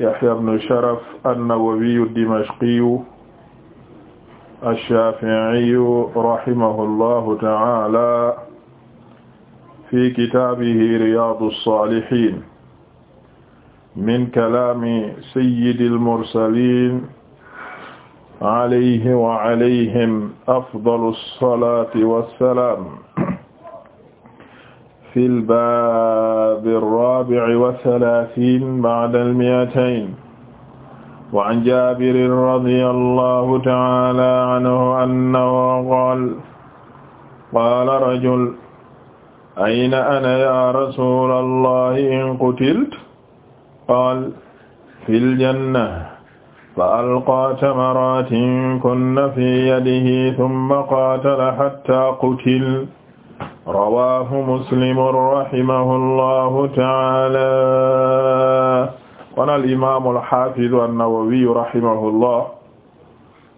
Yahya ibn Sharaf an-Nawawiyu ad-Dimashqiyu ash-Shafi'iyu rahimahullahu ta'ala fi kitaabihi Riyaadu s-Saalihiin min kalaami sayyidil mursaliin alayhi wa alayhim afdalu s-salaati wa s-salaam fi lbaabi raabi'i wa salaasiin ba'da al-mi'atayn wa 'an jaabirin radiyallaahu ta'aalaa 'anhu annahu qaala qaala rajul ayna ana yaa rasuulallaahi in qutiltu qaala fil janna fa alqaa tamaraatin kunna fii yadihi thumma qaatala hattaa qutila rawaahu muslimun rahimahullahu taala kon al imaamu alxaafidu annawawiyu rahimahullah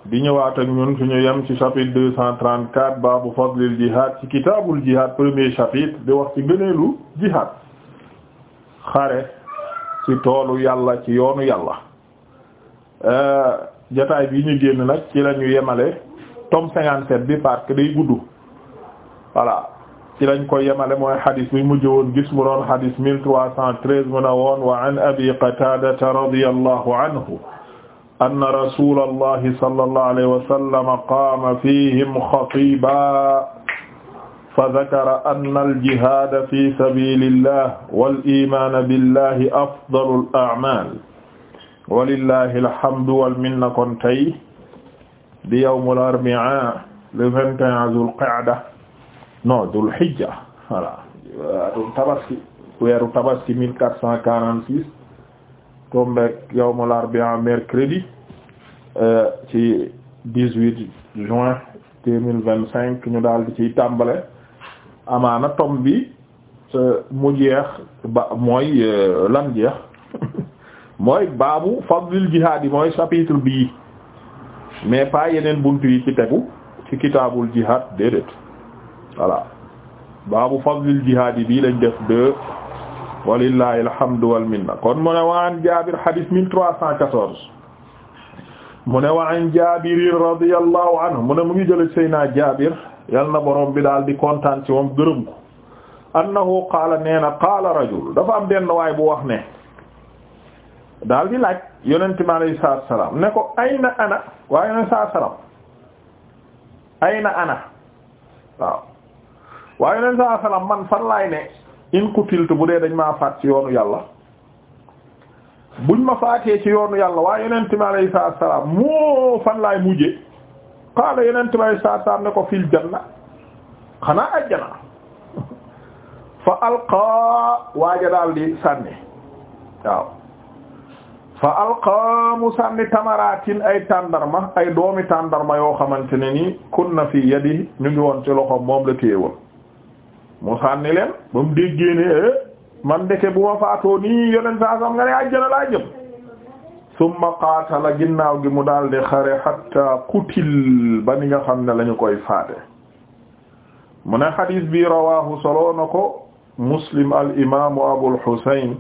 di ñëwaat ak ñun fi ñu yem ci chapitre deux cent trente baabu fadlil jihad ci kitaabul jihad premier chapitre di wax ci ngëneelu jihad xare ci toolu yàlla ci yoonu yàlla euh, jataay bi ñu génn nag ci la ñu yemale tome cinquante bi parce que gudd voilà ci lañ koy yemale mooy xadis bi mujj woon gis mu doon xadis mille trois cent treize mu ne woon wa an abi qataadata radiyallahu anhu anna rasulallahi sallallahu alayhi wa sallam qaama fihim xatiiban fa zakara anna al-jihaada fi sabiilillah wal iimaanu billahi afdalul a'maal walillahi alhamdu wal minna kon tey di yawmul arbi'aa le vingt et un Zul Qa'da non dul hijja voilà tabaski weeru tabaski mille quatre cent quarante six tombe yawmul arba'a mercredi euh, ci dix-huit juin ñu daal di ciy tàmbale amaana tomb bi euh, mu jeex ba mooy euh, lan jeex mooy baabu fadlil jihaad yi mooy chapitre bii mais pas yeneen buntu yi ci tegu ci kitaabul jihaad déedéet voilà baabu fadlil jihaad yi bii lañ def deux walillahi alhamdu wal minna kon mu ne wa an Jaabir hadith mille trois cent quatorze mu ne wa an Jaabir radiyallahu anhu mu ne mu ngi jële Seydina Jaabir yal na borom bi daal di kontaan ci moom gërëm ko annahu qaala nee na rajul dafa am benn waay bu wax ne daal di laaj yonent mi alayhi salaatu salaam ne ko ayna ana waaye yonent salaatu salaam ayna ana waaw waaye leen saa salaam man fan laay ne in kutiltu bu dee dañ maa faat ci yoonu yàlla buñ ma faatee ci yoonu yàlla waaye yeneen mi alayhi salaatu salaam moo fan laay mujjee qaala yonent mi alayhi ne ko fil janna xanaa ajjana fa alqaa waaja daal di sànni waaw fa alqaa sànni tamaraatin ay tàndarma ay doomi tàndarma yoo xamante ne nii kunna fi yadi ñu ngi woon ci loxo moom la téye woon mu sànni leen ba mu déggee ne eh, man ndeke bu ma faatoo nii yonent saa sam nga ne àjjana laa jëm qaatala ginnaaw gi mu daal di xare hatta qutil ba ni nga xam ne la koy faate mu ne xadis bi rawaahu soloo na ko muslim al imaamu abul husayn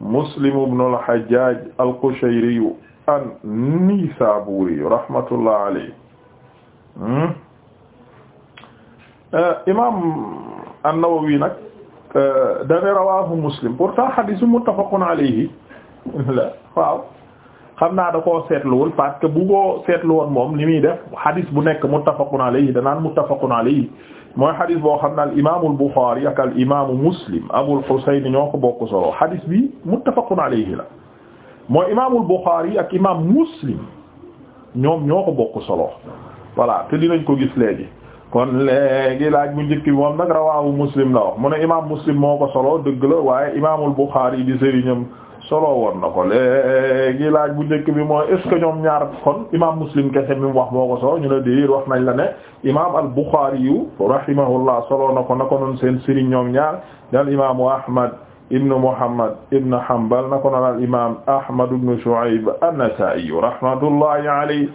muslim ibn al hajjaj al qushayri an-nisaburi rahmatullah alayhi hmm? eh, imaam an-Nawawi nag euh, dane rawahu Muslim pourtant hadith muttafaqun alayhi la waaw xam naa da koo seetluwul parce que bu koo woon moom li muy def hadith bu nekk muttafaqun alayhi danaan muttafaqun alayhi mooy hadith boo xam ne al imaamu al Bukhari ak al imaamu Muslim Abul Husayn ñoo ko bokk solo hadith bi muttafaqun alayhi la mooy imaamul Bukhari ak imaam Muslim ñoom ñoo ko bokk te dinañ ko gis léegi kon léegi laaj bu njëkk bi moom nag rawaahu muslim la wax mu ne imaam muslim moo ko solo dëgg la waaye imaamul buxaari di sëriñam solo woon na ko léegi laaj bu njëkk bi mooy est ce que ñoom ñaar kon imaam muslim kese mi mu wax moo ko solo ñu ne déedéet wax nañ la ne imaam al buxaari yu rahimahullah solo na ko na ko noon seen sëriñ ñoom ñaar dal imaamu ahmad ibn muhammad ibn hanbal na ko noon al imaam ahmad ibn shu'ayb an-nasaa'i rahmatullahi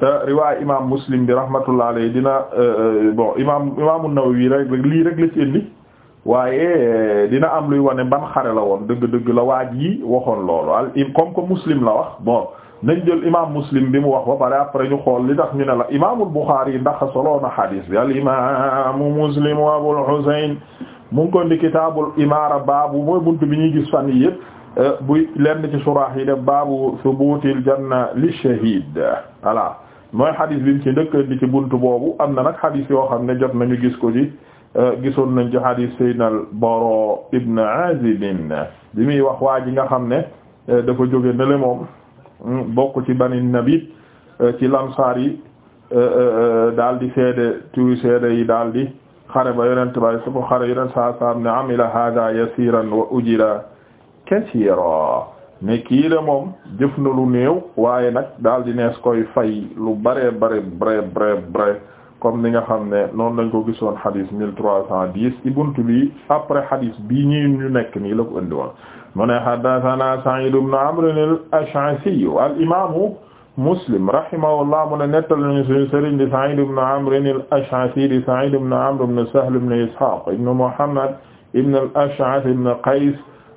te riwaay imaam muslim bi rahmatullah dina euh, euh, bon imaam imaamu Nawawi rek lii rek la ci waaye euh, dina am luy wane ban xare la woon dëgg-dëgg la waaj yi waxoon loolu al comme que muslim la wax bon nañ jël imaam muslim bi mu wax ba pare après ñu xool li tax ñu ne la imaamul Buxaari ndax solo na xadiis bi al imaamu muslim wa Abul Husayn mu ngi ko ndi kitaabul imaara baabu mooy buntu bi ñuy gis fan yii buy lenn ci suraax yi def baabu subuutil janna li shahiid voilà. mooy xadis bi ci njëkk di ci buntu boobu am na nag xadis yoo xam ne jot nañu gis ko ci euh, gisoon nañ ci xadis Seydina Bara ibn Azib bi muy wax waa ji nga xam ne euh, dafa jóge ne le moom hmm, bokk ci Bani Nabi euh, ci Ansaar yi daal di seede tuuti seede yi daal di xare ba yonent bay su ko xare yonent saa saam ne amila hada yasiran wa ujira kasiira ne kii de moom jëf na lu néew waaye nag daal di nees koy fay lu bare bare bare bare bare comme ni nga xam ne noonu lañ ko gisoon xadis mille trois cent dix ci buntu bi après xadis bii ñi ñu nekk nii la ko indi woon mu ne a Sa'id ibn Amr al-Ash'asi al imaamu Muslim rahimahullah mu ne nettal nañu suñu sëriñ di Sa'id ibn Amr al-Ash'asi di Sa'id ibn Amr ibn Sahl ibn Ishaq ibn Muhammad ibn al-Ash'ath ibn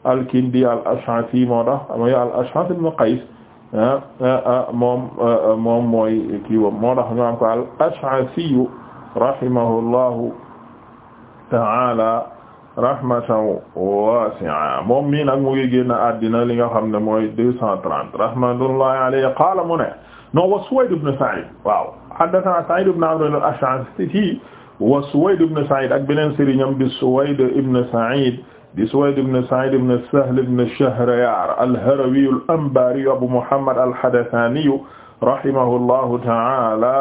al-Kindi al-Ash'athi moo tax mooy al-Ash'ath ibn Qays ah, ah, ah, moom moom mooy kii wam moo tax ñu am ko al-Ash'athi rahimahullahu ta'ala rahmatan wasi'a moom mii nag mu ngi génn àddina li nga xam ne mooy deux cent trente rahmatullahi alayhi qaala mu ne non wa Suwayd ibn Sa'id waaw haddathana Sa'id ibn Amr al-Ash'athi wa Suwayd ibn Sa'id ak beneen sëriñam bi Suwayd ibn Sa'id di Suwayd ibn Sa'id ibn Sahl ibn Shahriyar al-Harawi al-Anbari Abu Muhammad al-Hadathani rahimahullahu ta'ala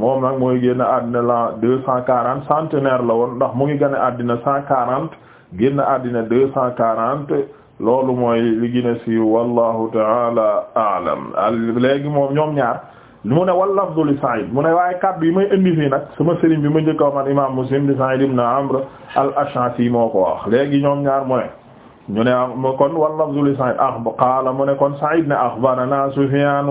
moom nag mooy génn àddina la deux cent quarante centenaire la woon ndax mu ngi génn àddina cent quarante génn àddina deux cent quarante loolu mooy li gën a siiw wallahu ta'ala a'lam léegi moom ñoom ñaar mu ne wal lafdu li Sa'id mu ne waaye kàddu yi may indi fii nag sama sëriñ bi ma njëkk a wax man imaam Muslim di Sa'id ibn Amr al-Ash'athi moo ko wax léegi ñoom ñaar mu ne ñu ne kon wal lafdu li Sa'id ah qaala mu ne kon Sa'id ne akhbarana Sufyaan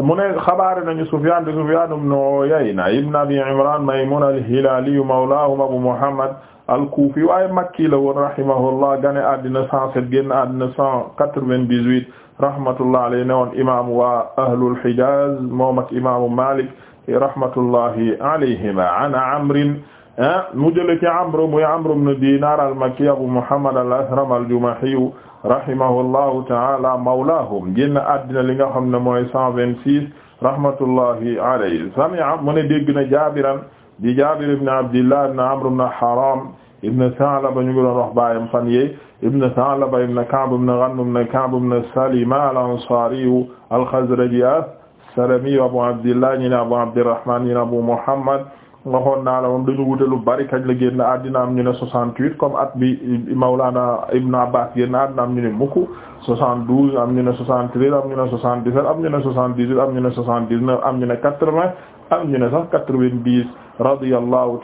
mu ne xabaare nañu Sufyaan di Sufyaan ibn Uyayna ibn Abi Imraan Maymuun al-Hilaali mawlaahum Abu Muhammad al-Kuufi waaye Makki la woon rahimahullah gane àddina cent sept génn àddina cent quatre-vingt-dix-huit rahmatullah alayhi ne woon imaamu waa ahlul Hijaaz moom ak imaamu Maalik rahmatullahi alayhima an Amrin ah, mu jële ci Amr muy Amr ibn Diinaar al-Makki Abu Muhammad al-Asram al-Jumahi rahimahullahu taala mawlaahum génn àddina li nga xam ne mooy cent vingt-six rahmatullahi alayhi sami'a mu ne dégg na jaabiran di jaabir ibn abdillah ibn amr ibn haram ibn Sa'laba ñu ngi doon wax baayam fan yee ibn Sa'laba ibn Ka'b ibn Ghanm ibn Ka'b ibn Salima al-Ansari al-Khazraji as-Salami Abu Abdillah ñi ne Abu Abdirrahman ñi ne Abu Muhammad waxoon naa la moom dañu wute lu bari kañ la génn am ñu ne 68 comme at bi Mawlana Ibn Abbas génn àddina am ñu ne mukk 72 am ñu ne 73 am ñu ne 77 am ñu ne 78 am ñu ne 79 am ñu ne 80 am ñu ne sax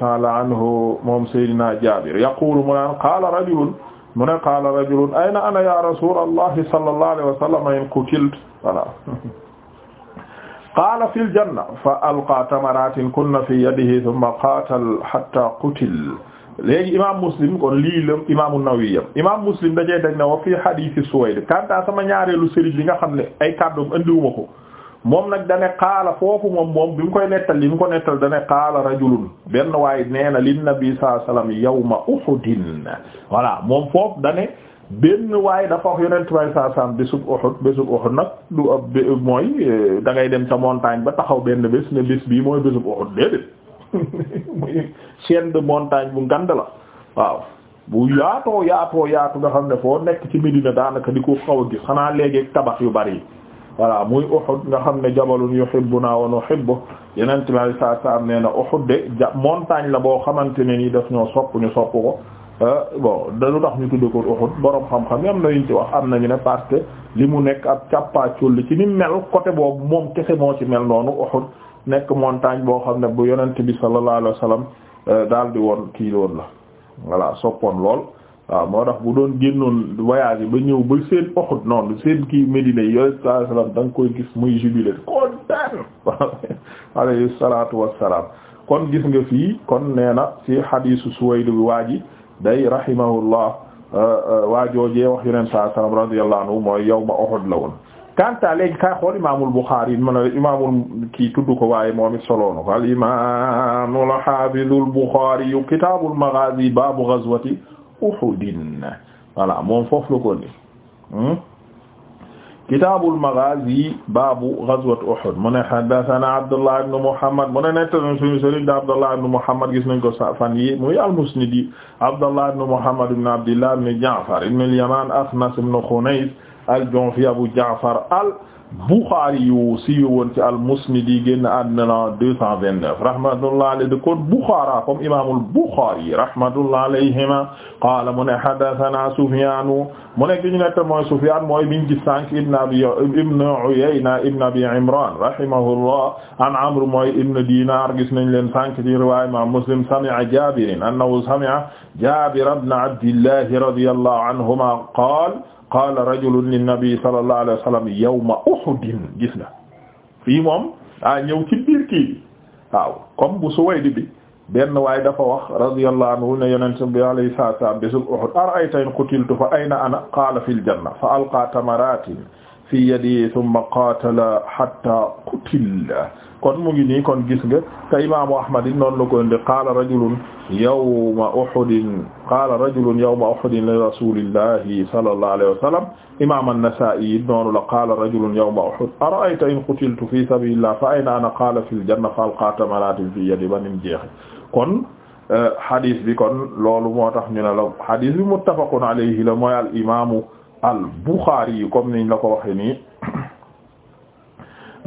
ta'ala anhu moom Seydina Jaabir yaqulu mu naan qaala rajulun mu ne qaala rajulun ayna ana ya rasulullah in qutilt voilà qaala fil janna fa alqaa tamaratin kunna fi yadihi thumma qaatal hatta qutil léegi imaam muslim kon lii la imaamu Nawawi yam imaam muslim dajee dañ ne wa fii hadiisi Suwayd kanta sama ñaareelu sëriñ li nga xam ne ay kàddoom andiwuma ko moom nag dane qaala foofu moom moom bi mu koy nettal li mu ko nettal dane qaala rajulun benn waaye nee na lin nabi sallallahu alayhi wasallam yawma Uhudin voilà moom foofu dane benn waaye dafa wax yonent bay saa saam bésub Uhud bésub Uhud nag du ab mooy eh, da ngay dem ca montagne ba taxaw benn bés ne bés bii mooy bésub Uhud déedéet muy chaîne montagne bu ngand la waaw bu yaatoo yaatoo yaatu nga xam ne foo nekk ci Medina daanaka di ko xaw a gis xanaa léegi tabax yu bari yi voilà muy Uhud nga xam ne jabalun yuhibbuna wa nuhibbu yonent bay saa saam nee na Uhud de montagne la boo xamante ne nii daf ñoo sopp ñu sopp ko Euh, bon dañu tax ñu tudde ko Uhud borom xam-xam yi am na ñu ci wax am nañu ne parce que li mu nekk ab càppaaculli ci ni mel côté boobu moom kese moo ci mel noonu Uhud nekk montagne boo xam ne bu yonent bi sallallahu alayhi euh, daal di woon kii loolu la voilà soppoon lool waaw moo bu doon génnoon voyage yi ba ñëw ba seen Uhud noonu seen kii Médina yi da nga koy gis muy jubilé kontaan alayhi salaatu wassalaam kon gis nga fii kon nee na ci hadiisu Suwayd bi waa ji day rahimahullah euh, euh, waa joojee wax yeneen saa salaam radiyallahu anhu mooy yawma Uhud la woon. Kanta léegi kay xool imaamul Bukhari ma ne imaamul kii tudd ko waaye moom it solo na ko al imaamul haafizul Bukhari yu kitaabul maghaazi baabu ghazwati Uhudin voilà moom foofu la ko nii. kitaabul maghaazi baabu ghazwat Uhud mu ne haddathana Abdullah ibn Muhammad mu ne nettali suñu sëriñ da Abdullah ibn Muhammad gis nañ ko fan yi muy al-Musnidi Abdullah ibn Muhammad ibn Abdillah ibn Ja'far ibn al-Yaman Akhnas ibn Khunays al-Ju'fi Abu Ja'far al-Bukhari yu siiwe woon ci al-Musnad yi génn àddina la 229 rahmatullah alayhi dëkkoon Bukhara comme imaamul Bukhari rahmatullah alayhima qaala mu ne haddathana Sufyan mu nekk ñu nekk mooy Sufyan mooy biñ gis sànq ibn Abi ibn Uyayna ibn Abi Imran rahimahullah an Amr mooy ibn Dinar gis nañ leen sànq ci riwaaya Imam Muslim sami'a Jabir annahu sami'a Jabir ibn Abdillah radiyallahu anhuma qaala qaala rajulun linnabi sallallahu alayhi wa sallam yawma uhudin gis na fii moom ah ñëw ci biir kii bi waaw comme bu Suwayd bi benn waaye dafa wax radiyallahu anhu ne yonent bi alayhi salaatu wa salaam bisul Uhud ara'ayta in qutiltu fa ayna ana qaala fil janna fa alqaa tamaratin fi yadi thumma qaatala hatta qutila kon mu ngi nii kon gis nga te imaamu Ahmad it noonu la ko indi qaala rajulun yawma Uhudin qaala rajulun yawma Uhudin li rasulillahi sallallahu alayhi wa sallam imaam an-Nasaa'i it noonu la qaala rajulun yawma Uhud ara'ayta in qutiltu fi sabilillah fa ayna ana qaala fil janna fa alqaata malaatin fi yadi ba nim jeexe kon hadith euh, bi kon loolu moo tax ñu ne la hadith bi muttafaqun alayhi la mooy al imaamu al Buxaari yi comme niñ la ko waxe nii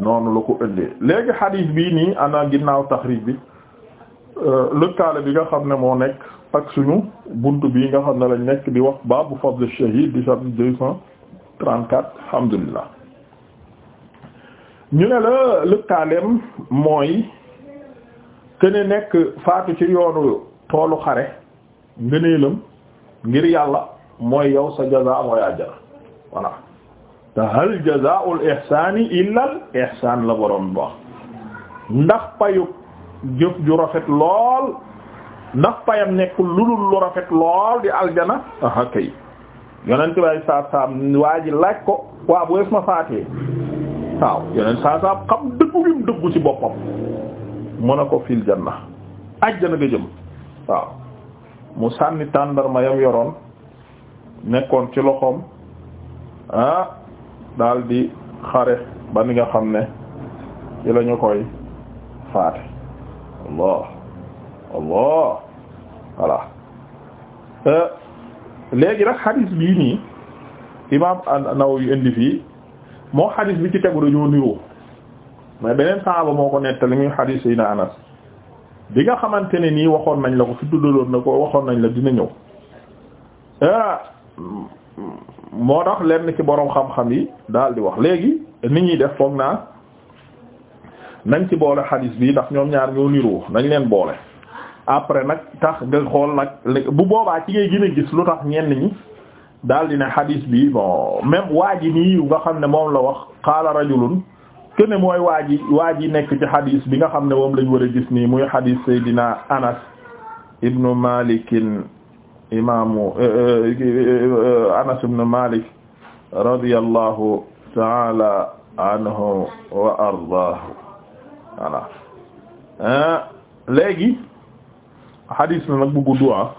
noonu la ko ëndee léegi xadiis bii nii ana ginnaaw taxriij bi euh, lëkkaale bi nga xam ne moo nekk ak suñu bunt bi nga xam ne lañ nekk di wax baabu fadl shahid di chapitre deux cent trente-quatre alhamdulillah ñu ne la lëkkaaleem mooy kene nekk faatu ci yoonu toolu xare ngëneelam ngir yàlla mooy yow sa jaza mooy àjjana voilà te hal jazaa'ul ihsaani illal ihsaan la borom wax ndax payub jëf ju rafet lool ndax payam nekkul lu lu rafet lool di aljana aha kay yonent bay saa saam waa ji laaj ko waa wees ma faatee waaw yonent saa saam xam dëggu gi dëggu ci boppam mu ne ko fil janna ajjana nga jëm waaw mu sànni tàndarma yam yoroon nekkoon ci loxoom ah, daal di xare ba ni nga xam ne ci la koy faate allah allah voilà euh, léegi nag xadis bii nii imam an-Nawawi indi fii moo xadis bi ci tegu dañoo niroo mais beneen saaba moo ko nettali muy xadis yi na Anas bi nga xamante ne nii waxoon nañ la ko fi tuddaloon na koo waxoon nañ la dina ñëw euh, moo tax lenn ci boroom xam-xam yi daal di wax léegi nit ñuy def foog naa nañ ci boole xadiis bi ndax ñoom ñaar ñoo niroo nañ leen boole après nag tax nga xool nag bu boobaa ci ngay gën gis lu tax ñenn ñi daal di ne xadiis bi bon même waa ji nii nga xam ne moom la wax qaala rajulun que ne mooy waa ji waa ji nekk ci xadiis bi nga xam ne moom lañ war a gis nii muy xadiis Seydina Anas ibnu Malikin imaamu eh, eh, eh, Anas ibn Malik radiyallahu ta'ala anhu wa ardaahu voilà léegi hadis na nag bu gudd ah.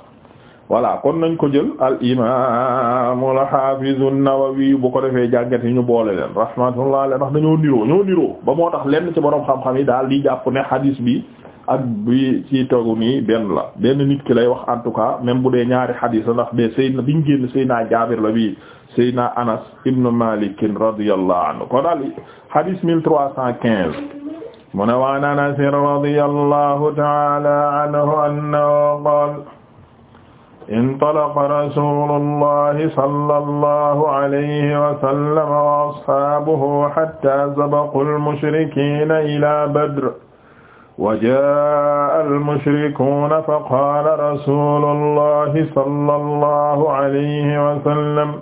voilà kon nañ ko jël al imaamu al xaafizu Nawawi bu ko defee jàngat yi ñu boole leen rahmatullah alayhi ndax dañoo niroo ñoo niroo ba moo tax lenn ci borom xam-xam yi daal di jàpp ne hadis bi. ak bi ci toogu nii benn la benn nit ki lay wax en tout cas même bu dee ñaari xadiis la ndax bee Seydina biñ génn Seydina Jaabir la bi Seydina Anas ibnu Malik radiyallahu anhu kon daal xadiis mille trois cent quinze mu ne waan Anas radiyallahu ta'ala anhu annahu qaala intalaqa rasulullahi sallallahu alayhi wa sallam wa ashaabuhu hatta sabaqul mushrikiina ila Badr وجاء المشركون فقال رسول الله صلى الله عليه وسلم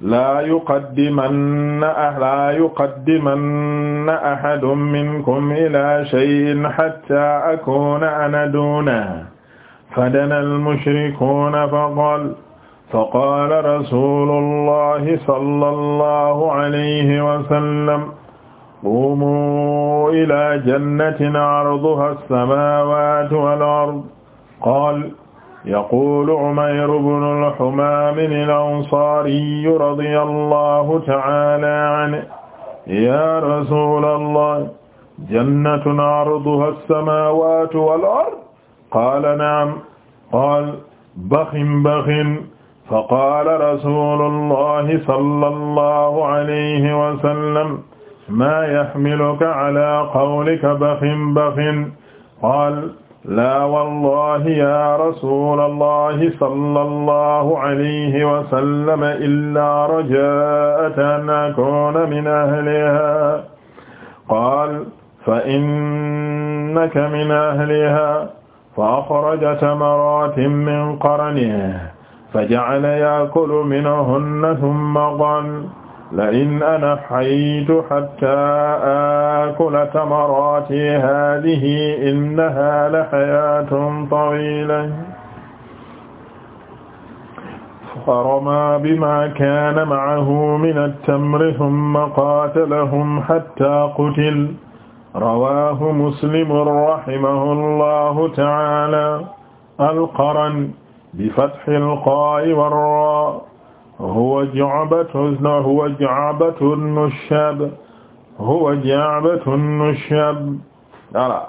لا يقدمن لا يقدمن أحد منكم إلى شيء حتى أكون أنا دونه فدنا المشركون فقال فقال رسول الله صلى الله عليه وسلم قوموا إلى جنة عرضها السماوات والأرض قال يقول عمير بن الحمام الأنصاري رضي الله تعالى عنه يا رسول الله جنة عرضها السماوات والأرض قال نعم قال بخ بخ فقال رسول الله صلى الله عليه وسلم maa yaxmiluka ala qawlika baxin baxin qaal laa wallahi ya rasula allahi sala allahu alayhi wasallama illaa rajaata an akuna min ahliha qaal fa innaka min ahliha fa axraja tamaratin min qaraniha fa jacala yaakulu minhunna summa qaal la in ana haytu hatta akula tamarati hadihi innaha la hayatun tawila farama bima kana maahu min altamri thumma qatalahum hatta qutil rawahu muslimun rahimahullahu ta'ala alqaran bifathil qaa'i warraa huwa ja'batun huwa ja'batun nushab huwa ja'batun nushab voilà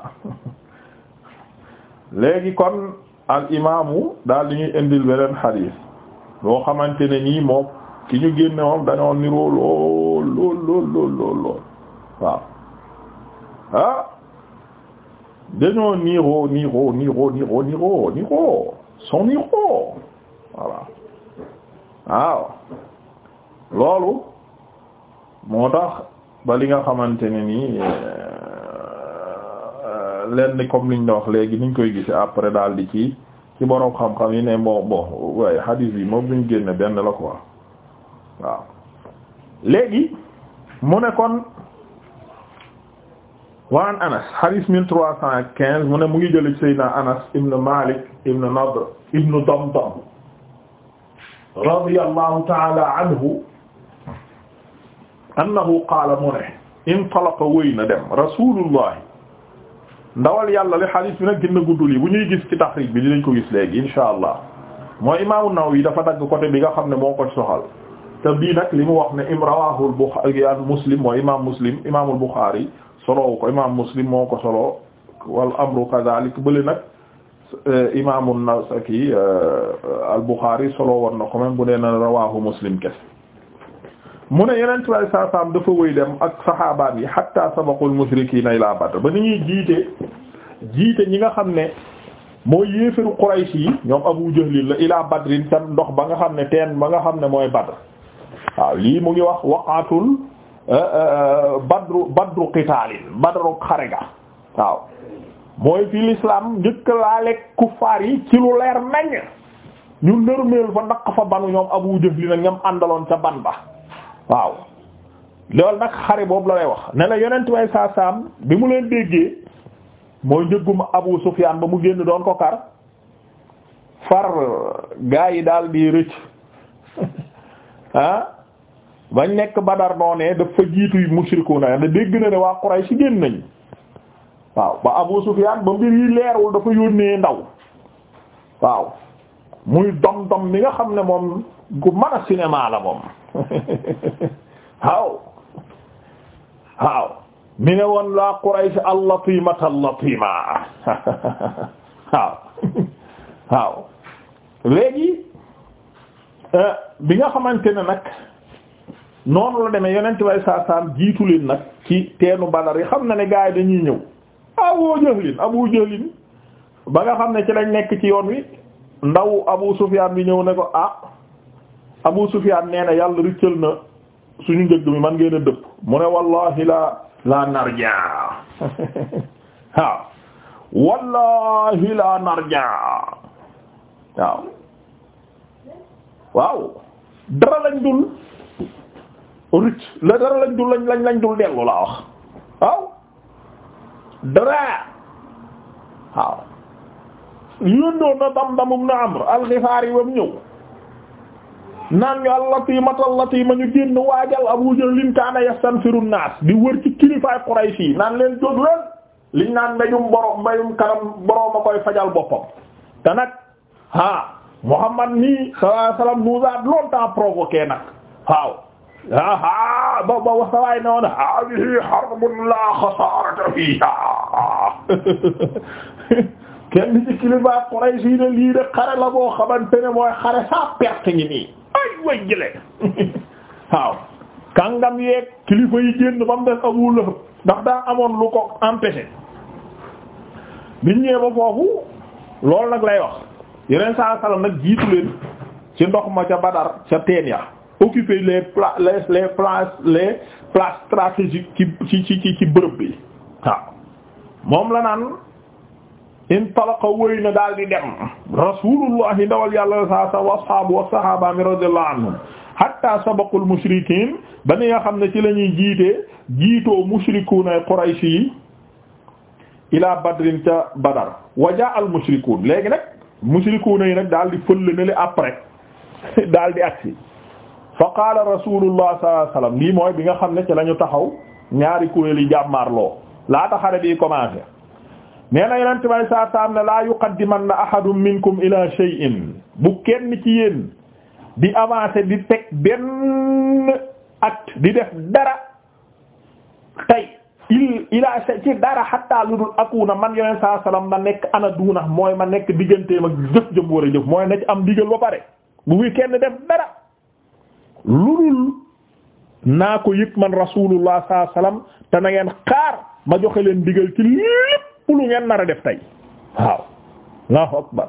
léegi kon al imaamu daal di ñuy beneen xadiis boo xamante ne nii moom ki ñu génne moom dañoo niroo lool lool lool lool lool lool waaw ah dañoo niroo niroo niroo niroo niroo niroo son waaw loolu moo tax ba li nga xamante ne nii euh, euh, lenn comme liñ la wax léegi niñ koy gise après daal di ci ci borom xam-xam yi ne bon bon waaye hadith bi moom luñ génne benn la quoi waaw léegi mu ne kon waan Anas hadith trois cent quinze mu ne mu ngi jëli Seydina Anas ibn Malik ibn Nadr ibn Damdam radiyallahu taala anhu annahu qaala mu ne intalaqa wëy na dem rasulullahi ndawal yàlla li xadiis bi nag gën a guddul yi bu ñuy gis ci taxriij bi dinañ ko gis léegi insha allah mooy imaamu Nawawi dafa dagg côté bi nga xam ne moo ko soxal te bii nag li mu wax ne im rawaahul Buxaari an Muslim mooy imaam Muslim imaamul Buxaari soloowu ko imaam Muslim moo ko soloo wal amru kadalik bële nag Euh, imaamu Nasaki euh, al-Bukhari solo woon na ko même bu dee na rawaahu Muslim kese mu ne yeneen tubaab saa saam dafa wëy dem ak saxaabaan yi hatta sabaqul mushrikiina ilaa Badr ba ni ñuy jiite jiite ñi nga xam ne mooy yéefaru Quraysh yi ñoom Abu Jahl la ilaa Badrin ca ndox ba nga xam ne teen ba nga xam ne mooy Badr waaw lii mu ngi wax waqaatul euh, Badru Badru qitaalin Badru xarega waaw. mooy fi l'islam njëkk laaleeg kuffaar yi ci lu leer naññ ñu nërmeel fa naq fa banu ñoom Abu Jahl nag ñoom àndaloon ca ban ba waaw loolu nag xare boobu la lay wax ne la yonent way saa saam bi mu leen déggee mooy njëggum Abu Sufyaan ba mu génn doon ko kar far gaa yi daal di rëcc ah bañ nekk ba Badar noonee dafa jiitu mushrikuuna da dégg na ne waa Quraysh génn nañ waaw ba Abu Sufyaan ba mbir yi leerul dafa yónnee ndaw waaw muy dom dom mi nga xam ne moom gu mën a cinéma la moom waaw waaw mi ne woon la Quraysh al-latimata al-latima waaw waaw léegi euh, bi nga xamante ne nag noonu la demee yonent way saa jiitu leen nag ci teenu Badar yi xam na ne gaay dañuy ñëw Abu Jahlin ba nga xam ne ci lañ nekk ci yoon wi ndaw Abu Sufyaan bi ñëw ne ko ah Abu Sufyaan nee na yàlla rëccal na suñu njëgg mi man ngeen dëpp mu ne wallahi la la narja waaw wallahi la narja waaw dara lañ dul rëcc dara lañ dul lañ lañ dul dellu laa wax dara waaw yónnoon na Damdam ibn Amr al-Ghifari mu ñëw naan ñu al-Latimata al-Latima ñu génn waajal Abu Jahl kaana yastanfiru naas di wër ci kilifaay Quraysh yi naan leen jóg leen liñ naan mbéyum borom mbéyum kanam borom koy fajal boppam te nag ah Muhammad nii sallallahu alayhi wasallam nous a longtemps provoqué nag waaw. ah ba ba wax waay ne woon hadihi harbun la xasaarata fiha kenn ci kilifa Quraysh yi ne lii de xare la boo xamante ne mooy xare saa perte ngi nii ay way jële waaw kàngam yeeg kilifa yi génn ba mu des Abu Lahab ndax daa amoon lu ko empêché biñ ñëwee ba foofu loolu nag lay wax yeneen saa salaam nag jiitu leen ci ndox ma ca Badar ca teen ya occuper les pla les places les places stratégiques ci ci ci ci bërëb bi waaw moom la naan intalaqa wëy na daal di dem rasulullah ndawal yàlla saa sa wa ashaabu wa sahaba mi radiyallahu anhum hatta sabaqul mushrikiin ba ni nga xam ne ci lañuy ñuy jiitee jiitoo mushrikuuna quraysh yi ila badrin ca badar wa jaa léegi nag mushrikuuna yi nag daal di fëll ne le après daal di agsi fa qaala rasulullah sallallahu lii mooy bi nga xam ne ci la ñu taxaw ñaari kuréel yi jàmmaarloo laata xare bi commencé nee na yenente may saa saam ne laa yuqaddimanna ahadun minkum ila shay'in bu kenn ci di avancer di teg benn acte di def dara tey il ila ci dara xatta lu dul na man yeneen saa salam ma nekk ana duuna mooy ma nekk digganteem ak jëf jëm war a mooy na am digal ba pare bu fi def dara lulul naa ko yëg man rasulullah sallallahu alayhi wasallam te na xaar ma joxe leen digal ci lépp lu ngeen nar a def tey waaw allahu akbar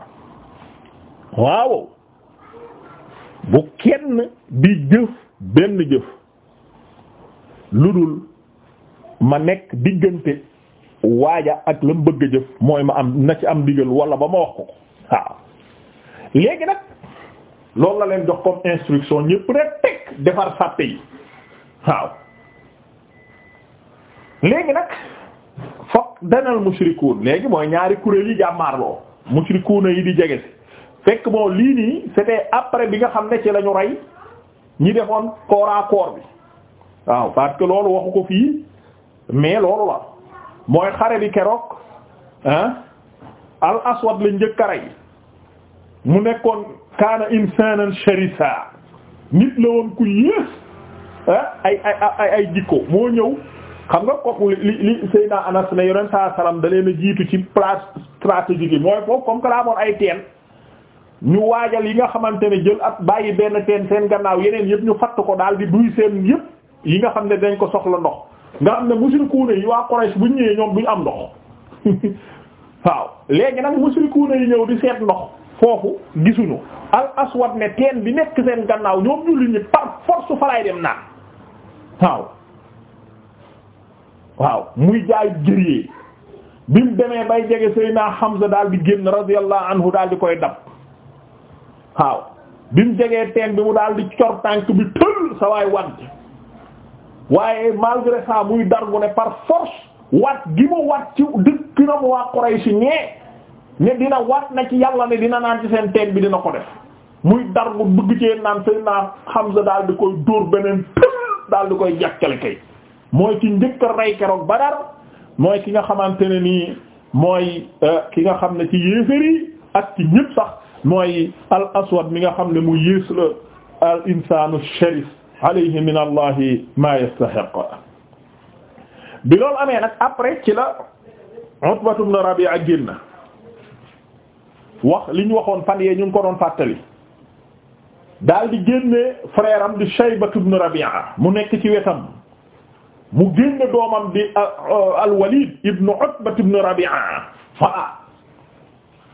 waaw bu kenn di jëf benn jëf ludul ma nekk diggante waaja ak la mu bëgg a jëf mooy ma am na ci am digal wala ba ma wax ko waaw léegi nag loolu la leen jox comme instruction ñëpp rek teg defar sàppe yi waaw léegi nag fokk danal mushrikuun léegi mooy ñaari kuréel yi jàmmaarloo mushrikuuna yi di jege si fekk bon lii nii c'était après bi nga xam ne ci la ñu rey ñi defoon corps bi waaw parce que loolu waxu ko fii mais loolu la mooy xare bi keroog ah al aswad la njëkk a rey mu nekkoon kaana insanan sharisa nit la woon ku yées ah, ay ay ay ay jikko moo ñëw xam nga kooku li li Seydina Anas na yoneen saa saram da leen a jiitu ci place stratégique yi mooy foofu comme que ay teen ñu waajal yi nga xamante ne jël ak bàyyi benn teen seen gannaaw yeneen yëpp ñu fatt ko daal di duy seen yëpp yi nga xam ne dañ ko soxla ndox nga xam ne musrikuuna yi waa Quraysh bu ñu ñëwee ñoom bu ñu am ndox waaw léegi nag musrikuuna yi ñëw di seet ndox foofu gisuñu al ne teen bi nekk seen gannaaw ñoom jullit ñi par force falaay dem naan waaw waaw muy jaay jëriee bi mu demee bay jege Seydina Hamza daal di génn radiyallahu anhu daal di koy dab waaw bi mu jegee teen bi mu daal di cor tànk bi tël sa waay wadd waaye malgré ça muy dargu ne par force wat gi mu wat ci dëkk na mu waa Quraysh ñee ne dina war na ci yàlla ne dina naan ci seen bi dina ko def muy dar bu dugg ci naan sëy naa Hamza daal di koy dóor beneen daal di koy jàkkale kay mooy ci njëkk a rey keroog Badar mooy ki nga xamante ne nii mooy euh, ki nga xam ne ci yéefar yi ak ci ñëpp sax mooy al aswad mi nga xam ne mu yées la al insaanu sharif alayhi min allahi ma yastahiq bi loolu amee nag après ci la Utbatu ibn Rabi'a génn wax li ñu waxoon fan yee ñu ngi ko doon fàttali daal di génne frère am di Shaybat ibn Rabi'a mu nekk ci wetam mu génne doomam di euh, euh, al-Walid ibn Utba ibn Rabi'a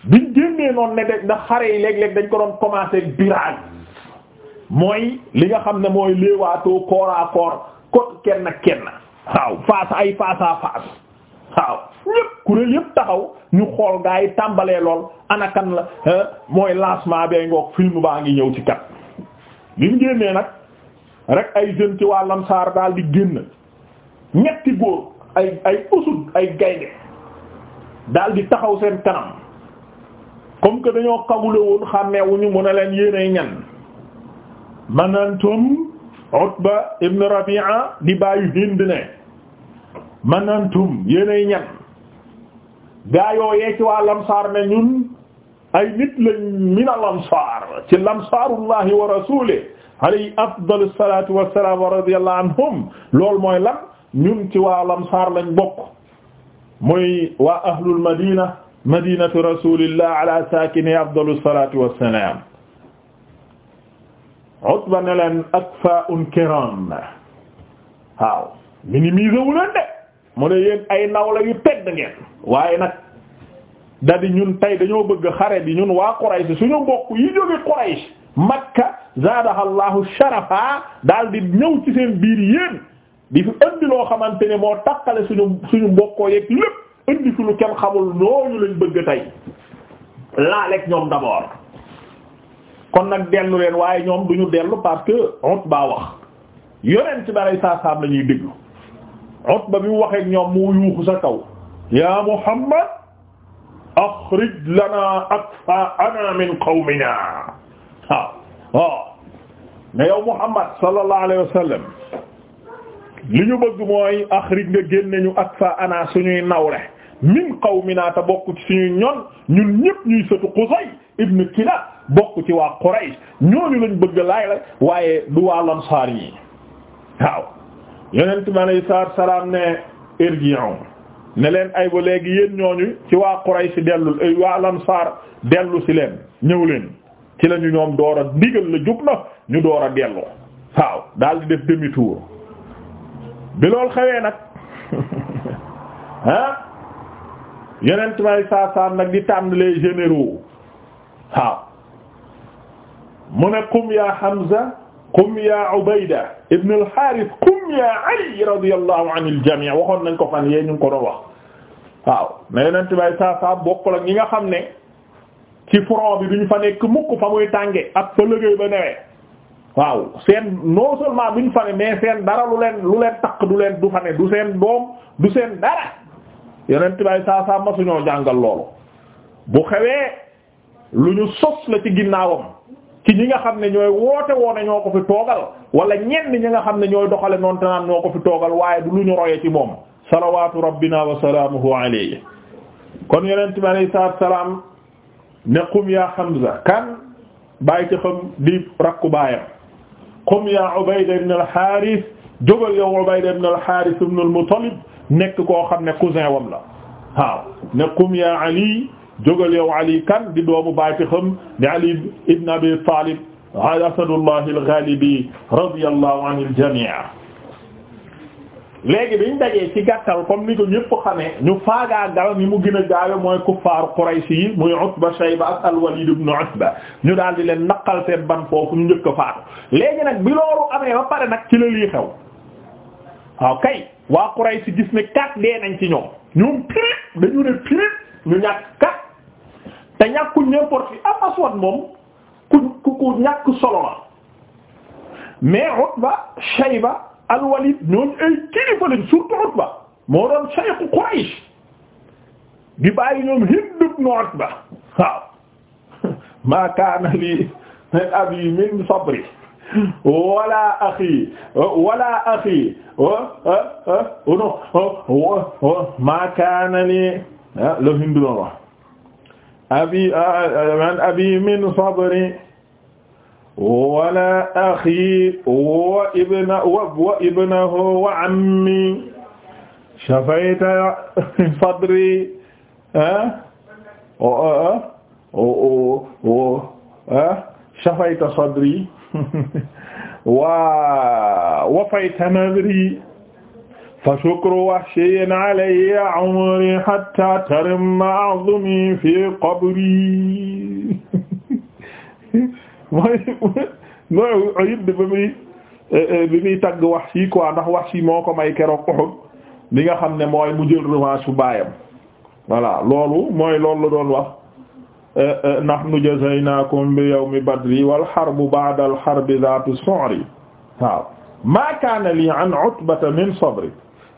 biñ génnee noonu ne de ndax xare yi léeg-léeg dañ ko doon commencé birage mooy li nga xam ne mooy léewaatoo corps à kenn ak kenn waaw face ay face à face ñëpp kuréel yëpp taxaw ñu xool gaa yi tàmbalee lool ana la mooy lancement bee ngoog film baa ngi ñëw ci kat li génnee nag rek ay jeunes ci waa Lamsaar daal di génn ñetti góor ay ay usud ay gaynde daal di taxaw seen kanam comme que dañoo kawule woon xàmmeewuñu mu ne leen yéenay ñan manantum Utba ibn Rabi'a di bàyyu Hind ne manantum yéenay ñan gaa yooyee ci waa lamsaar ne ñun ay nit lañ min al lamsaar ci lamsaarullahi wa rasuulihi alayhi afdalu salaatu wassalaam wa radiyallahu anhum loolu mooy lan ñun ci waa lamsaar lañ bokk muy waa ahlul madina madinatu rasulillah ala saakini afdalu salaatu wassalaam Utba ne leen akfaa'un kiraam waaw minimiser wu leen de mu ne yéen ay nawla yu tedd ngeen waaye nag da ñun tey dañoo bëgg xare bi ñun waa Quraysh suñu mbokk yi jóge Quraysh Makka zaadahallahu sharafa daal di ñëw ci seen biir yéen di fi indi loo xamante ne moo takkale suñu suñu mbokkoo yeeg lépp indi fi lu kenn xamul nooñu lañ bëgg a tey laaleeg ñoom d'abord kon nag dellu leen waaye ñoom duñu dellu parce que Utba wax yonent bi sallallahu alayhi lañuy déglu Utba bi mu waxeek ñoom mu yuuxu sa kaw yaa Muhammad akhrij lana akfaa'ana min qawmina waaw waaw ne yow Muhammad sallallahu alayhi wa sallam li ñu bëgg mooy akhrij nga génne ñu akfaa'ana suñuy nawle min qawmina te bokk ci suñuy ñoon ñun ñëpp ñuy sëtu Qusay ibn Kilab bokk ci waa Quraysh ñooñu lañ bëgg laay la waaye du waa Ansaar yi waaw yonent bi alayhi salaatu salaam ne irji'u ne leen ay ba léegi yéen ñooñu ci waa Quraysh dellu waa Ansaar dellu si leen ñëw leen ci lañu ñoom door ndigal la jub na ñu door a dellu waaw daal di def demi tour bi loolu xewee nag ah yonent bi alayhi salaatu salaam nag di tànn les généraux waaw mu ne qum yaa Hamza qum ya Ubayda ibn al-Harith qum ya Ali radiyallahu anil waxoon nañ ko fan yee ñu ngi ko doon wax waaw ne yeneen bay saa saa bokkul ak ñi nga xam ne ci front bi duñ fa nekk mukk fa muy tànge ak fa lëgëy ba newee waaw seen non seulement ñu fa ne mais seen dara lu leen takk du leen du fa ne du seen doom du seen dara yonent bay saa saa masuñoo jàngal loolu bu xewee lu ñu sos la ci ginnaawam ci ñi nga xam ne ñooy woote woone ñoo ko fi toogal wala ñenn ñi nga xam ne ñooy doxale noon te naan ñoo ko fi toogal waaye du lu ñu roye ci moom salawaatu rabbina wa salaamuhu alayhi kon yonent bi alayhi salaatu salaam ne qum ya Hamza kan bàyyi ci xam di rakku baayam qum ya Ubayda ibn al-Harith jógal yow Ubayda ibn al-Harith ibn al-Muttalib nekk koo xam ne cousin wam la waaw ne qum ya Ali jógal yow ali kan di doomu bayti xam di ali ibn abi talib asadullah al-ghalibi radiyallahu anil jami' léegi biñ dajee ci gàttal comme ni ko ñëpp xamee ñu faagaagal ni mu gën a gaawe mooy kuffaaru Quraysh muy muy Utba Shayba ak al-Walid ibn Utba ñu daal di leen naqal seen ban foofu ñu njëkk a faatu léegi nag bi loolu amee ba pare nag ci la lii xew waaw kay waa Quraysh ne kat dee nañ ci ñoom ñoom pirip dañu ne pirip ñu ñàkk kat te ñàkkul n'importe qui am ah, aswad moom ku ku ku ñàkk solo la mais Utba Shayba al-Walid ñooñu ay kilifa lañ surtout Utba moo doon shaykh Quraysh di bàyyi ñoom Hind ma kaana li abi min sabri wala axi wala axi ma kaana li ah, la Hind doon abi man abi min sabri wala axi wa ibna wa ibnahu wa ammi shafayta sadri shafayta sadri wa wafayta nadri fa shukru wahshiyin alayhi umri hatta tarimma a'zumi fi qabri mooy mooy Uyayna ba muy bi muy tagg Wahshi quoi ndax Wahshi moo ko may keroog Uhud li nga xam ne mooy mu jël revanche bu baayam voilà loolu mooy loolu la doon wax nahnu jazaynaakum bi yawmi badri wal harbu ba'da al harbi zaatu su'ri waaw maa kaana lii an utbata min sabri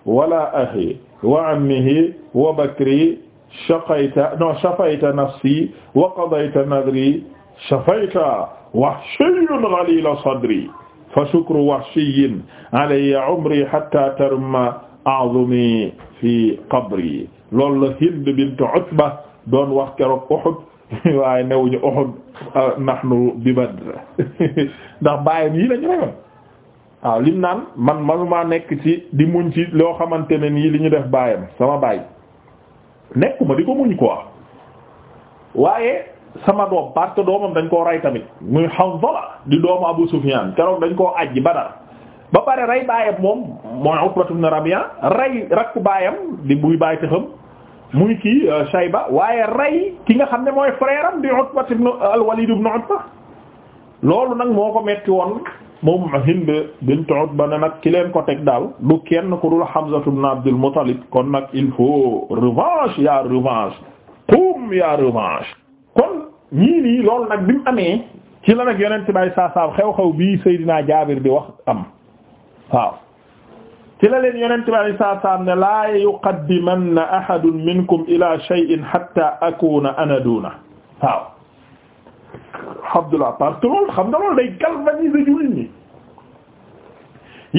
wala axi wa ammihi wa bakri shaqayta non shafayta nafsi wa qadayta nadri shafayta wahshiyyun ghalila sadri fa shukru wahshiyyin alayya umri hatta tarma a'zumi fi qabri loolu la Hind bint Utba doon wax keroog Uhud waaye newuñu Uhud ah, nahnu bi Badr ndax bàyyam yi lañu reyoon waaw lim naan man manuma nekk ci di muñ ci loo xamante ne nii li ñu def baayam sama baay nekkuma di ko muñ quoi waaye sama doom parce que doomam dañ koo rey tamit muy Hanzala di doomu Abu Sufyan keroog dañ koo ajji Badar ba pare rey baayam moom mooy Uqbatu ibn Rabi'a rey rakku baayam di buy baay tëxam muy kii euh, Shayba waaye rey ki nga xam ne mooy frère am di Utba ibn euh, al-Walid loolu nag moo ko metti woon moom Hind bint Utba ne nag ki leen ko teg kenn ku dul Hamza ibn Abdul Muttalib kon nag il faut revanche yaa revanche qum yaa revanche kon ñii nii loolu nag amee ci la nag yonent bay saasaam xew-xew bii Seydina Jaabir di wax am waaw ci la leen yonent bay saasaam ne laa yuqaddimanna ahadun minkum ila shay'in hatta akuna ana duna waaw Abdullah parce loolu xam nga loolu day galvaniser jullit ñi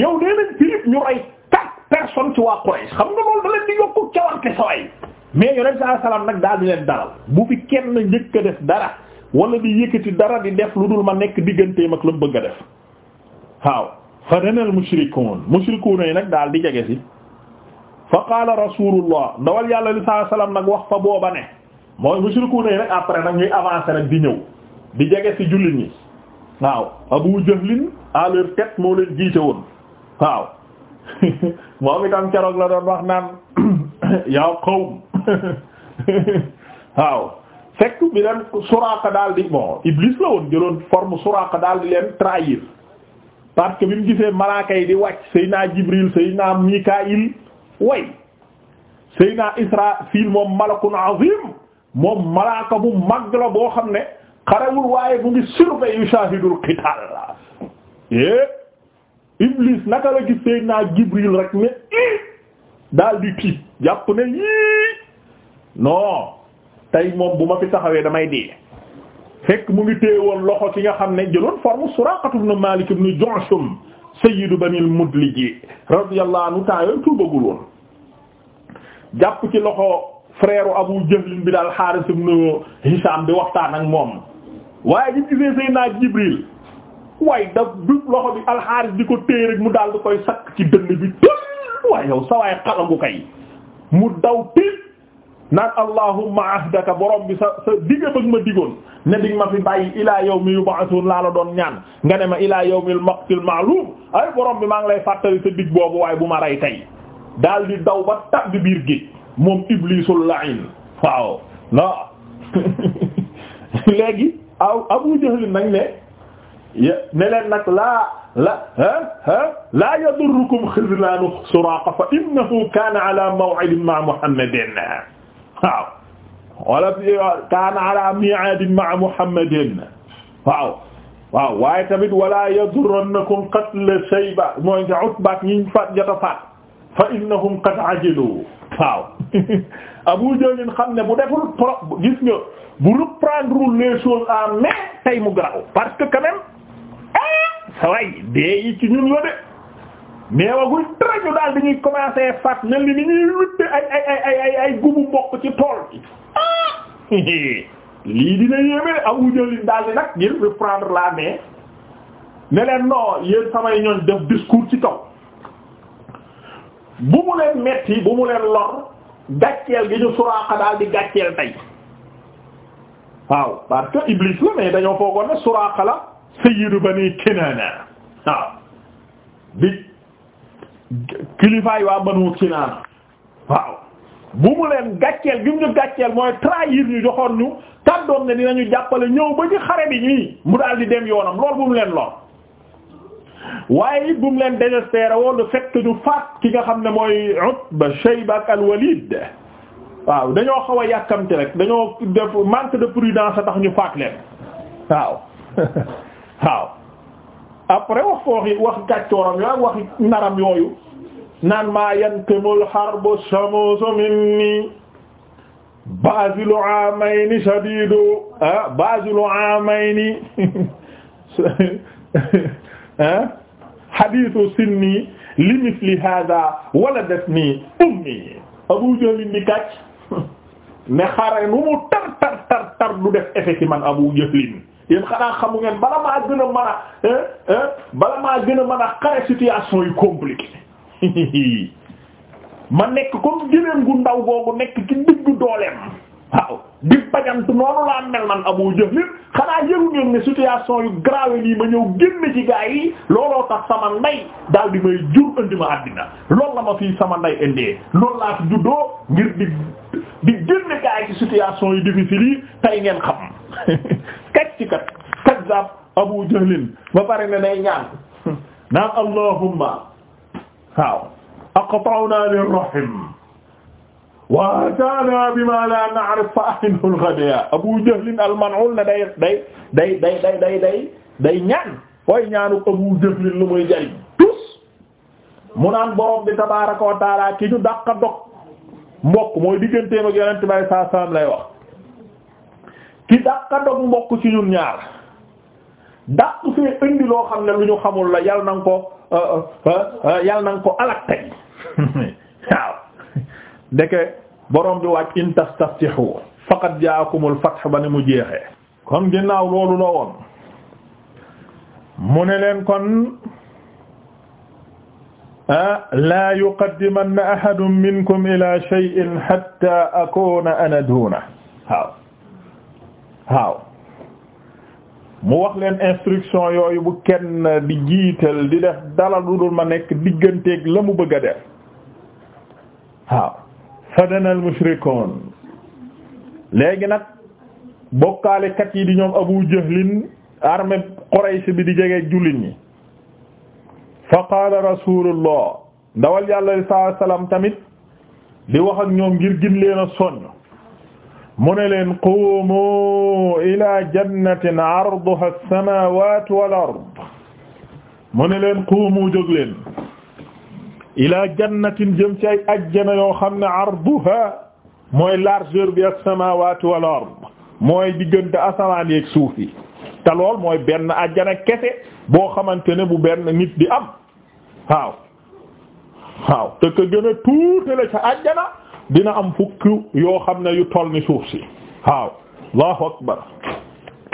yow nee nañ Philippe ñu rey quatre personnes ci waa Quraysh xam nga loolu da leen di yokku cawarte saway mais yonent saa nag daal di leen dalal bu fi kenn njëkk a def dara wala di yëkkati dara di def lu dul ma nekk digganteem ak la mu bëgg a def waaw fa danal mushrikuun mushrikuun yi nag daal di jege si fa qaala rasulullah ndawal yàlla li saa nag wax fa booba ne mooy mushrikuun yi nag après nag ñuy avancer nag di ñëw di jege ci jullit ñi waaw Abu Jahlin à leur tête moo leen jiite woon waaw moom itam keroog la doon wax naan yaa qawm waaw fekk bi leen Suraaqa daal di Iblis la woon jëloon forme Suraaqa daal di leen trahir parce que bi mu gisee malaaka yi di wàcc Seydina Jibril Seydina Mikaayil way Seydina Israafil moom malakun azim moom malaaka bu mag la boo xam ne xarewul waaye mu ngi surveiller yushahidul qital eh Iblis naka la gis Seydina Jibril rek ne daal di tiit jàpp ne yii non tey moom bu ma fi taxawee damay dee fekk mu ngi téye loxo ci nga xam ne jëloon forme Suraqatu ibn Malik ibn Ju'shum sayyidu bani al-Mudliji radiyallahu anhu temps yooyu tuubagul woon jàpp ci loxo frère Abu Jahl bi daal Haaris ibn Hisham bi waxtaan ak moom waaye ñu gisee Seydina Jibril waaye da du loxo bi alxaaris di ko téye rek mu daal di koy sakk ci dënn bi tëll waaye yow sa waaye kay mu daw tiit naan allahumma ahdaka borom bi sa sa digga bëgg ma digoon ne dig ma fi bàyyi ilaa yawmi yub'athun laa la doon ñaan nga ne ma ilaa yawmil maqtil ma'lum ay borom bi maa ngi lay fàttali sa dig boobu waaye bu ma rey tey daal di daw ba tab bi biir géej moom iblisul la'in léegi aw Abu Jahl nag ne ne leen nag laa la ha laa yadurrukum xizlaanu Suraaqa fa innahu kaana ala maw'idin ma'a Muhammadin waaw wala kaana ala mi'aadin ma'a Muhammadin waaw waaw waaye tamit wala yadurrannakum qatla Shayba mooy nga Utba ñi faat jota faat fa innahum qad ajalu waaw Abu Jahl xam ne bu deful trop gis nga bu reprendre les choses en main tey mu garaaw parce que quand même ah yi ci ñun la de mais waguñ dara ñu daal dañuy commencer fat mel ni ni ñuy witte ay ay ay ay ay mbokk ci tool bi ah! lii dina yéeme Abu Jahl daal di nag ngir reprendre la main ne leen samay ñooñ def discours ci kaw bu mu leen metti bu mu leen lor gàcceel gi ñu Suraaqa daal di gàcceel tey waaw parce que Iblis la mais dañoo foogoon ne Suraaqa la sayyidu bani Kinaana waaw bi kilifaay waa banu Kinaana waaw bu mu leen gàcceel gi mu ñu gàcceel mooy trahir ñu joxoon ñu kàddoon ne dinañu jàppale ñëw ba ci xare bi ñii mu daal di dem yoonam lool bu mu leen lool waaye it bu mu leen désespéré woon le fait ñu faat ki nga xam ne mooy ba Shayba ak al waaw dañoo xaw a yàkkamte rek dañoo def manque de prudence a tax ñu faat leen waaw waaw après wax ko waxi waxi kàccooram yooyu waxi naram yooyu naan maa yankamul harbu shamusu minni basilu amayni shadidu ah basilu amayni ah hadithu sinni li misli hadha wala def nii ummi Abu Jahl ni kàcc ne xare nu tar tar tar du def effet man Abu Jahlin yéen xanaa xamu ngeen bala maa gën a mën a bala maa gën a man a xare situation yu compliquée ma nekk comme gëneen gu ndaw googu nekk ci diggu dooleem waaw di bajantu noonu laa mel man Abu Jahl xanaa yëru ngeen ne situation yu grave lii ma ñëw génn ci gaa yi looloo tax sama ndey daal di may jur indi ma àddina loolu la ma fii sama ndey indee loolu laa fi juddoo ngir di di génn gaa yi ci situation yu difficile yi tey ngeen xam kaj ci kat kazab Abu Jahl ba pare ne nay ñaan naan allahumma waaw aqta'na lirrahim wa ta'ala bima la na'rif fa'inhu al-ghadiya Abu Jahl al-mal'un na day day day day day day day day ñaan koy ñaanu Abu Jahl lu muy jariñ tus mu naan borom bi tabaaraka wa ta'ala ki ñu dàq dog mbokk mooy digganteem ak Yonent saa saam lay wax ki dàq dog mbokk ci ñun ñaar dàq fee indi loo xam ne lu ñu xamul la yal na nga ko euh, euh, euh, yal na ko alak tey waaw ndeke borom bi wàcc in tastaftihu faqad jaakumul fath ba ni mu jeexee kon ginnaaw loolu la woon mu ne leen kon laa yuqaddimanna ahadun minkum ila shay'in hatta akuna ana duna waaw mu wax leen instruction yooyu bu kenn di jiital di def dala lu ma nekk digganteeg la mu bëgga a fadana al mushrikuun léegi nag bokkaalekat yi di ñoom abu jahlin armée Quraysh bi di jege jullit ñi fa qaala rasulullah ndawal yàlla li saa salaam tamit di wax ak ñoom ngir gin leen a sonn mu ne leen qumu ila jannatin arduha as-samaawaatu wal ard mu ne leen qumu jóg leen ila jannatin jëm ci ay ajjana yoo xam ne arduha mooy largeur bi as-samawati wal mooy diggante asamaan yeeg suuf yi te lool mooy benn ajjana kese boo xamante ne bu benn nit di am waaw waaw te ka gën a tuuti la ca ajjana dina am fukk yoo xam ne yu toll ni suuf si waaw allahu akbar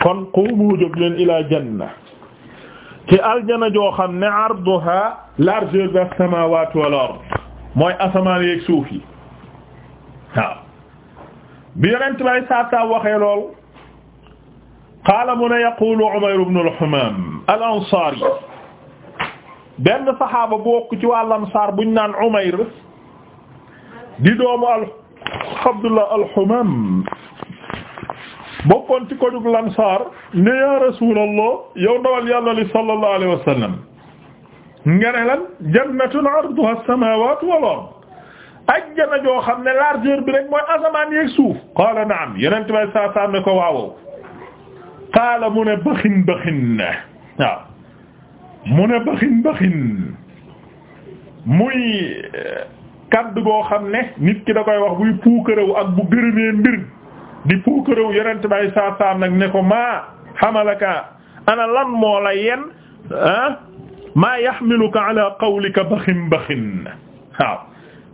kon qumu jóg leen ila janna ci aljana joo xam ne arduha largeur bi as-samawati wal ard mooy asamaan yeeg suuf yi waaw bi yonent bay saata waxee lool qaala mu ne yaqulu Umayr ibn al-Humam al-Ansari benn saxaaba bokk ci waa Ansaar buñ naan Umayr di doomu al Abdullah al-Humam bokkoon ci ko ne yaa rasuulallah yow ndawal yàlla li sallallahu alayhi wa sallam nga ne lan jannatun arduha as-samaawaatu joo xam ne largeur bi rek mooy asamaan yeeg suuf qaala naam yeneen bay saa saa ne ko waawoo qaala mu ne baxin baxin muy eh, kaddu goo xam ne nit ki da koy wax buy puukarewu ak bu gërëmee mbir di puukarew yonent bay saa saam nag ne ko maa xamalaka ana lan moo la yen ah maa yaxmiluka ala qawlika baxin baxin waaw